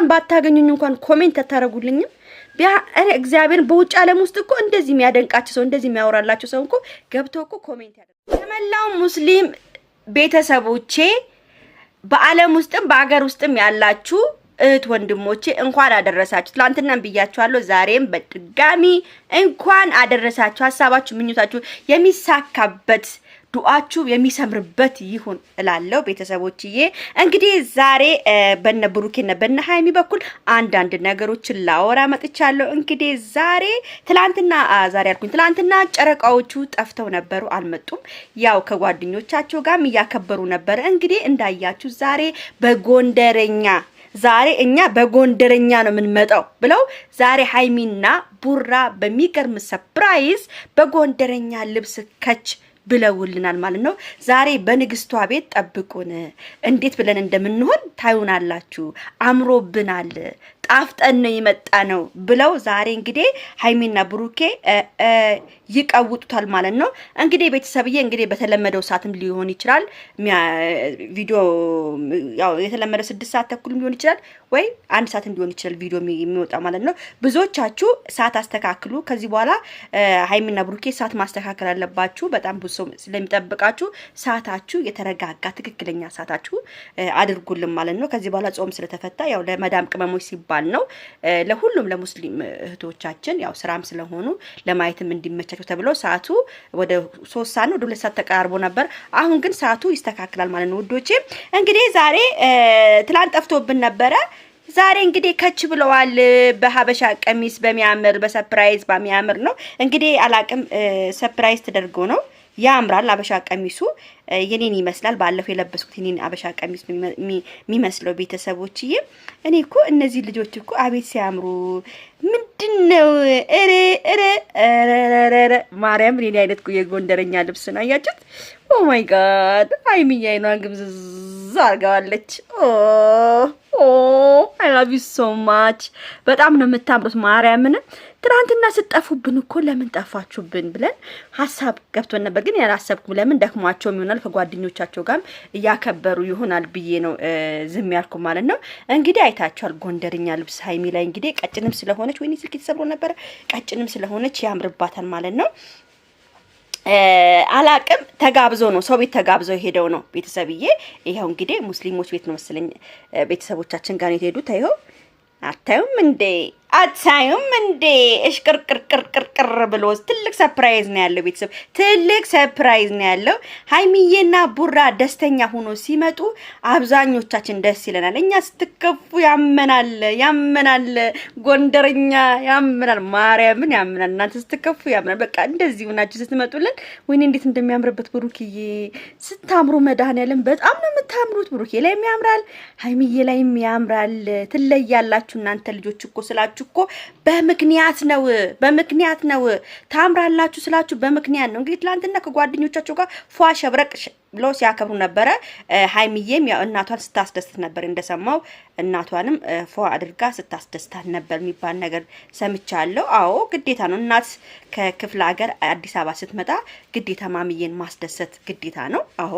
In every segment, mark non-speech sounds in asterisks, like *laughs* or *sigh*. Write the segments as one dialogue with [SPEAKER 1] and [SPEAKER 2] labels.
[SPEAKER 1] እንኳን ባታገኙኝ እንኳን ኮሜንት አታረጉልኝም። ቢያረ እግዚአብሔር በውጭ ዓለም ውስጥ እኮ እንደዚህ የሚያደንቃቸው ሰው እንደዚህ የሚያወራላቸው ሰው እኮ ገብተው እኮ ኮሜንት ያደርጉ። ከመላው ሙስሊም ቤተሰቦቼ በዓለም ውስጥም በአገር ውስጥም ያላችሁ እህት ወንድሞቼ እንኳን አደረሳችሁ። ትላንትናም ብያችኋለሁ፣ ዛሬም በድጋሚ እንኳን አደረሳችሁ። ሀሳባችሁ፣ ምኞታችሁ የሚሳካበት ዱአችሁ የሚሰምርበት ይሁን እላለሁ። ቤተሰቦችዬ እንግዲህ ዛሬ በነ ብሩኬና በነ ሀይሚ በኩል አንዳንድ ነገሮችን ላወራ መጥቻለሁ። እንግዲህ ዛሬ ትላንትና ዛሬ አልኩኝ ትላንትና ጨረቃዎቹ ጠፍተው ነበሩ፣ አልመጡም። ያው ከጓደኞቻቸው ጋርም እያከበሩ ነበር። እንግዲህ እንዳያችሁ ዛሬ በጎንደረኛ ዛሬ እኛ በጎንደረኛ ነው የምንመጣው ብለው ዛሬ ሀይሚና ቡራ በሚገርም ሰፕራይዝ በጎንደረኛ ልብስ ከች ብለውልናል ማለት ነው። ዛሬ በንግስቷ ቤት ጠብቁን። እንዴት ብለን እንደምንሆን ታዩናላችሁ። አምሮብናል። ጣፍጠን ነው የመጣ ነው ብለው ዛሬ እንግዲህ ሀይሚና ብሩኬ ይቀውጡታል ማለት ነው። እንግዲህ ቤተሰብዬ እንግዲህ በተለመደው ሰዓትም ሊሆን ይችላል ቪዲዮ ያው የተለመደው ስድስት ሰዓት ተኩል ሊሆን ይችላል ወይ አንድ ሰዓትም ሊሆን ይችላል ቪዲዮ የሚወጣ ማለት ነው። ብዙዎቻችሁ ሰዓት አስተካክሉ። ከዚህ በኋላ ሀይሚና ብሩኬ ሰዓት ማስተካከል አለባችሁ። በጣም ብዙ ሰው ስለሚጠብቃችሁ ሰዓታችሁ የተረጋጋ ትክክለኛ ሰዓታችሁ አድርጉልን ማለት ነው። ከዚህ በኋላ ጾም ስለተፈታ ያው ለመዳም ቅመሞች ሲባል በዓል ነው። ለሁሉም ለሙስሊም እህቶቻችን ያው ስራም ስለሆኑ ለማየትም እንዲመቻቸው ተብሎ ሰዓቱ ወደ ሶስት ሰዓት ነው፣ ወደ ሁለት ሰዓት ተቀራርቦ ነበር። አሁን ግን ሰዓቱ ይስተካከላል ማለት ነው ውዶቼ። እንግዲህ ዛሬ ትላንት ጠፍቶብን ነበረ። ዛሬ እንግዲህ ከች ብለዋል። በሀበሻ ቀሚስ በሚያምር በሰፕራይዝ በሚያምር ነው እንግዲህ አላቅም፣ ሰፕራይዝ ተደርጎ ነው ያምራል። አበሻ ቀሚሱ የኔን ይመስላል። ባለፈው የለበስኩት የኔን አበሻ ቀሚስ የሚመስለው ቤተሰቦችዬ። እኔ እኮ እነዚህ ልጆች እኮ አቤት ሲያምሩ ምንድን ነው ኧረ ማርያም እኔ አይነት የጎንደረኛ ልብስ ነው አያችሁት? ኦ ማይ ጋድ አይሚያ አይኗን ግብዝዝ አድርገዋለች። ኦ ኦ ላቭ ዩ ሶ ማች። በጣም ነው የምታምሩት። ማርያምን ትናንትና ስጠፉብን እኮ ለምን ጠፋችሁብን ብለን ሀሳብ ገብቶን ነበር። ግን ያላሰብኩም ለምን ደክሟቸውም ይሆናል ከጓደኞቻቸው ጋር እያከበሩ ይሆናል ብዬ ነው ዝም ያልኩ ማለት ነው። እንግዲህ አይታችኋል። ጎንደርኛ ልብስ ሀይሚ ላይ እንግዲህ ቀጭንም ስለሆነች ወይኔ ስልክ የተሰብሮ ነበረ። ቀጭንም ስለሆነች ያምርባታል ማለት ነው። አላቅም ተጋብዞ ነው ሰው ቤት ተጋብዞ የሄደው ነው ቤተሰብዬ። ይኸው እንግዲህ ሙስሊሞች ቤት ነው መሰለኝ ቤተሰቦቻችን ጋር ነው የተሄዱት። ይኸው አታዩም እንዴ? አታዩም እንዴ? እሽቅርቅርቅርቅርቅር ብሎ ትልቅ ሰፕራይዝ ነው ያለው። ቤተሰብ ትልቅ ሰፕራይዝ ነው ያለው። ሀይሚዬና ቡራ ደስተኛ ሆኖ ሲመጡ አብዛኞቻችን ደስ ይለናል። እኛ ስትከፉ ያመናል፣ ያመናል፣ ጎንደርኛ ያመናል፣ ማርያምን ያመናል። እናንተ ስትከፉ ያመናል። በቃ እንደዚህ ሆናችሁ ስትመጡልን ወይኔ እንዴት እንደሚያምርበት ብሩክዬ፣ ስታምሩ መድኃኒዓለም በጣም ነው የምታምሩት። ብሩኬ ላይም ያምራል፣ ሀይሚዬ ላይም ያምራል። ትለያላችሁ እናንተ ልጆች እኮ ስላችሁ እኮ በምክንያት ነው በምክንያት ነው ታምራላችሁ ስላችሁ በምክንያት ነው። እንግዲህ ትላንትና ከጓደኞቻቸው ጋር ፏ ሸብረቅ ብለው ሲያከብሩ ነበረ። ሀይሚዬም ያው እናቷን ስታስደስት ነበር እንደሰማው፣ እናቷንም ፏ አድርጋ ስታስደስታት ነበር የሚባል ነገር ሰምቻለሁ። አዎ ግዴታ ነው። እናት ከክፍለ ሀገር አዲስ አበባ ስትመጣ ግዴታ ማሚዬን ማስደሰት ግዴታ ነው። አዎ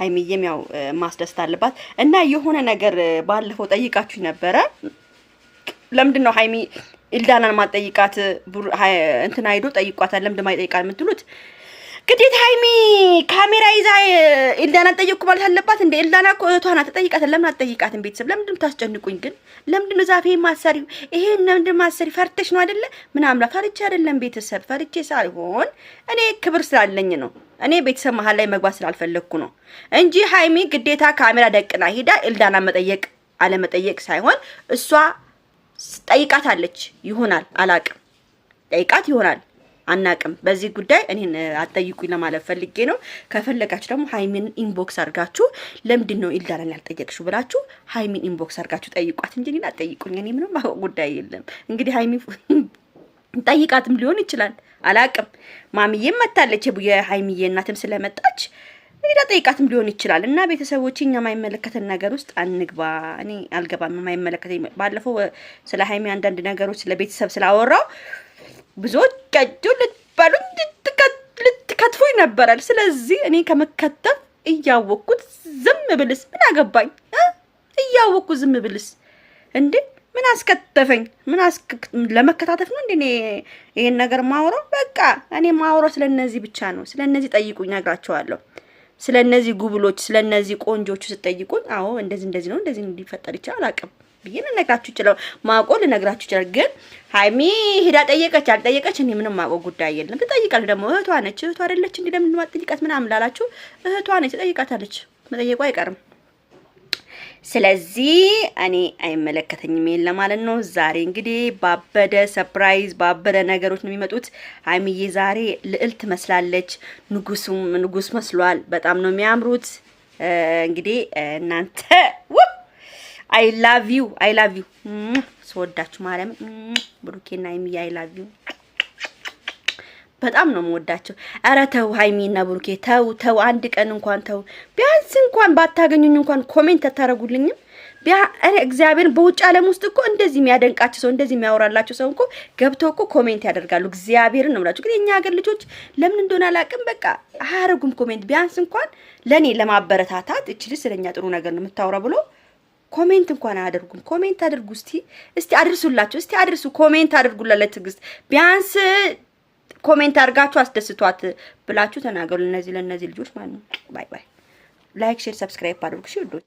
[SPEAKER 1] ሀይሚዬም ያው ማስደሰት አለባት እና የሆነ ነገር ባለፈው ጠይቃችሁ ነበረ ለምንድን ነው ሀይሚ ኢልዳናን ማጠይቃት እንትን አይዶ ጠይቋታል። ለምንድን ይጠይቃል የምትሉት ግዴታ ሀይሚ ካሜራ ይዛ ኤልዳናን ጠየቅኩ ማለት አለባት እንደ ኢልዳና እኮ እህቷ ናት፣ ትጠይቃታለህ። ለምን አትጠይቃትም? ቤተሰብ ለምንድን ነው ግን ለምንድን ነው ዛፌ ማሰሪ? ይሄን ለምንድን ማሰሪ? ፈርተሽ ነው አይደለ? ምን አምላ ፈርቼ አይደለም ቤተሰብ፣ ፈርቼ ሳይሆን እኔ ክብር ስላለኝ ነው። እኔ ቤተሰብ መሀል ላይ መግባት ስላልፈለግኩ ነው እንጂ ሀይሚ ግዴታ ካሜራ ደቅና ሄዳ ኢልዳና መጠየቅ አለመጠየቅ ሳይሆን እሷ ጠይቃታለች ይሆናል አላቅም። ጠይቃት ይሆናል አናቅም። በዚህ ጉዳይ እኔን አጠይቁኝ ለማለት ፈልጌ ነው። ከፈለጋችሁ ደግሞ ሀይሚን ኢንቦክስ አድርጋችሁ ለምንድን ነው ኢልዳላን ያልጠየቅሹ ብላችሁ ሀይሚን ኢንቦክስ አድርጋችሁ ጠይቋት እንጂ እኔን አጠይቁኝ እኔ ምንም አውቀው ጉዳይ የለም። እንግዲህ ሀይሚ *laughs* ጠይቃትም ሊሆን ይችላል አላቅም። ማሚዬም መታለች፣ የሀይሚዬ እናትም ስለመጣች ሄዳ ጠይቃትም ሊሆን ይችላል። እና ቤተሰቦች እኛ የማይመለከተን ነገር ውስጥ አንግባ። እኔ አልገባም፣ የማይመለከተኝ ባለፈው ስለ ሀይሚ አንዳንድ ነገሮች ስለ ቤተሰብ ስላወራው ብዙዎች ብዙዎቻችሁ ልትበሉኝ ልትከትፉኝ ነበራል። ስለዚህ እኔ ከመከተፍ እያወቅኩት ዝም ብልስ ምን አገባኝ? እያወቅኩ ዝም ብልስ እንዴ ምን አስከተፈኝ? ምን ለመከታተፍ ነው እንዴ ይሄን ነገር ማውረው? በቃ እኔ ማውረው ስለነዚህ ብቻ ነው። ስለነዚህ ጠይቁኝ፣ ነግራቸዋለሁ። ስለ እነዚህ ጉብሎች ስለ እነዚህ ቆንጆቹ ስጠይቁኝ፣ አዎ እንደዚህ እንደዚህ ነው እንደዚህ ሊፈጠር ይችላል አቅም ብዬ ልነግራችሁ ይችላል። ማቆ ልነግራችሁ ይችላል። ግን ሀይሚ ሄዳ ጠየቀች አልጠየቀች እኔ ምንም ማቆ ጉዳይ የለም። ትጠይቃለች ደግሞ እህቷ ነች። እህቷ አይደለች እንዲህ ለምን ምናምን ላላችሁ፣ እህቷ ነች፣ ትጠይቃታለች። መጠየቁ አይቀርም። ስለዚህ እኔ አይመለከተኝም የለ ማለት ነው። ዛሬ እንግዲህ ባበደ ሰፕራይዝ ባበደ ነገሮች ነው የሚመጡት። ሀይሚዬ ዛሬ ልዕልት ትመስላለች። ንጉሱም ንጉስ መስሏል። በጣም ነው የሚያምሩት። እንግዲህ እናንተ አይ ላቭ ዩ አይ ላቭ ዩ ስወዳችሁ ማርያም ብሩኬና ሀይሚዬ አይ ላቭ ዩ በጣም ነው የምወዳቸው። ኧረ ተው ሀይሚና ብሩኬ ተው ተው፣ አንድ ቀን እንኳን ተው። ቢያንስ እንኳን ባታገኙኝ እንኳን ኮሜንት አታረጉልኝም። እኔ እግዚአብሔርን በውጭ ዓለም ውስጥ እኮ እንደዚህ የሚያደንቃቸው ሰው እንደዚህ የሚያወራላቸው ሰው እኮ ገብተው እኮ ኮሜንት ያደርጋሉ። እግዚአብሔርን ነው የምላቸው። ግን የኛ ሀገር ልጆች ለምን እንደሆነ አላውቅም፣ በቃ አያደርጉም ኮሜንት። ቢያንስ እንኳን ለእኔ ለማበረታታት እች ስለኛ ጥሩ ነገር ነው የምታወራ ብሎ ኮሜንት እንኳን አያደርጉም። ኮሜንት አድርጉ እስቲ እስቲ አድርሱላቸው እስቲ አድርሱ ኮሜንት አድርጉላለ ለትዕግስት ቢያንስ ኮሜንት አድርጋችሁ አስደስቷት ብላችሁ ተናገሩ። እነዚህ ለነዚህ ልጆች ማለት ነው። ባይ ባይ። ላይክ፣ ሼር፣ ሰብስክራይብ አድርጉ። እሺ